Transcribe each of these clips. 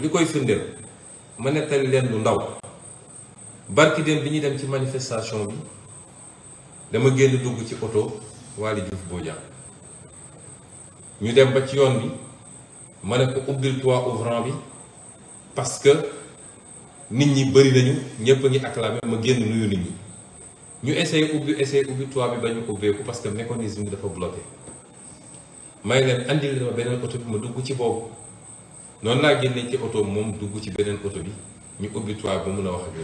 li koy firndeel ma nettali leen lu ndaw barki dem bi ñuy dem ci manifestation bi dama génn dugg ci oto Waly Diouf Bodian ñu dem ba ci yoon bi ma ne ko ubbil toit ouvrant bi parce que nit ñi bëri nañu ñëpp a ngi acclamé ma génn nuyu nit ñi ñu essayé ubbi essayé ubbi toit bi ba ñu ubbeeku parce que mécanisme bi dafa bloqué may leen andil ma beneen oto bi ma dugg ci boobu. noonu laa génne ci oto moom dugg ci beneen oto bi ñu ubbi toit ba mun a wax ak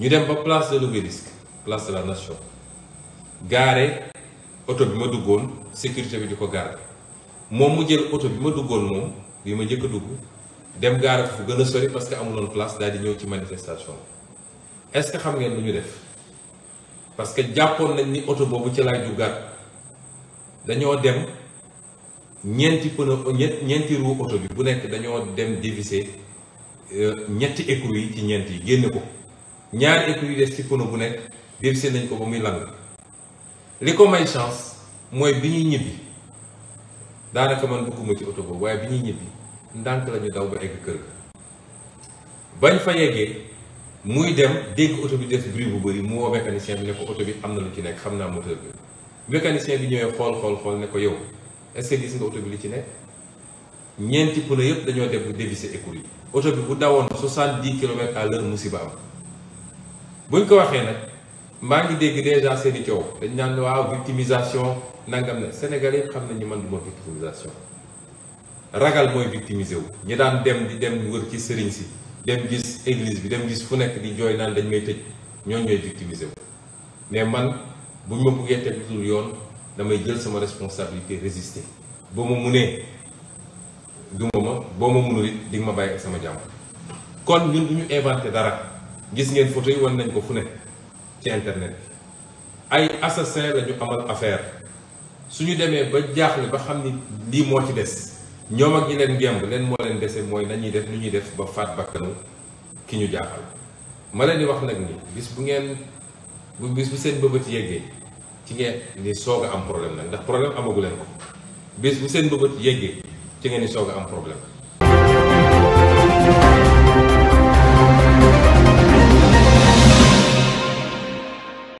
ñu dem ba place de l'Obélisque place de la nation gaare oto bi ma duggoon sécurité bi di ko garde moom mu jël auto bi ma duggoon moom bi ma njëkk dugg dem gaare fu gën a sori parce que amuloon place daal di ñëw ci manifestation bi est-ce que xam ngeen lu ñu def parce que jàppoon nañ ni oto boobu ci laay duggaat dañoo dem. ñeenti pneu ñeenti roue oto bi bu nekk dañoo dem dévisser euh, ñetti écrou yi ci ñeent yi génne ko ñaari écrou yi des ci pneu bu nekk dévisser nañ ko ba muy lang li ko may chance mooy bi ñuy ñibbi daanaka man dugguma ci oto boobu waaye bi ñuy ñibbi ndànk la daw ba egg kër ga bañ fa yeggee muy dem dégg oto bi def bruit bu bëri mu woo mécanicien bi ne ko oto bi am na lu ci nekk xam naa moteur bi mécanicien bi ñëwee xool xool xool ne ko yow est-ce que gis nga oto li ci nekk ñeenti pneu yëpp dañoo dem bu dévissé écrou yi oto bi bu dawoon soixante-dix kilomètres à l'heure musiba am buñ ko waxee nag maa ngi dégg déjà seen i coow dañ naan waaw victimisation nangam ne Sénégalais yëpp xam nañu man duma victimisation ragal mooy victimiser wu ñi daan dem di dem wër ci sëriñ si dem gis église bi dem gis fu nekk di jooy naan dañ may tëj ñooñu ñooy victimiser wu mais man buñ ma buggee teg dul yoon damay jël sama responsabilité résister boo ma munee du ma boo ma munul it di ma bàyyi sama jàmm kon ñun du ñu inventé dara gis ngeen photo yi wan nañ ko fu ne ci internet bi ay assassin la ñu amal affaire suñu demee ba jaaxle ba xam ni lii moo ci des ñoom ak ñi leen ngemb leen moo leen dese mooy nañuy def lu ñuy def ba faat bakkanu ki ñu jaaxal ma leen di wax nag ni bis bu ngeen bu bis bu seen ci yeggee ci ngeen ni soog a am problème nag ndax problème amagu leen ko bés bu seen bëbët yeggee ci ngeen ni soog a am problème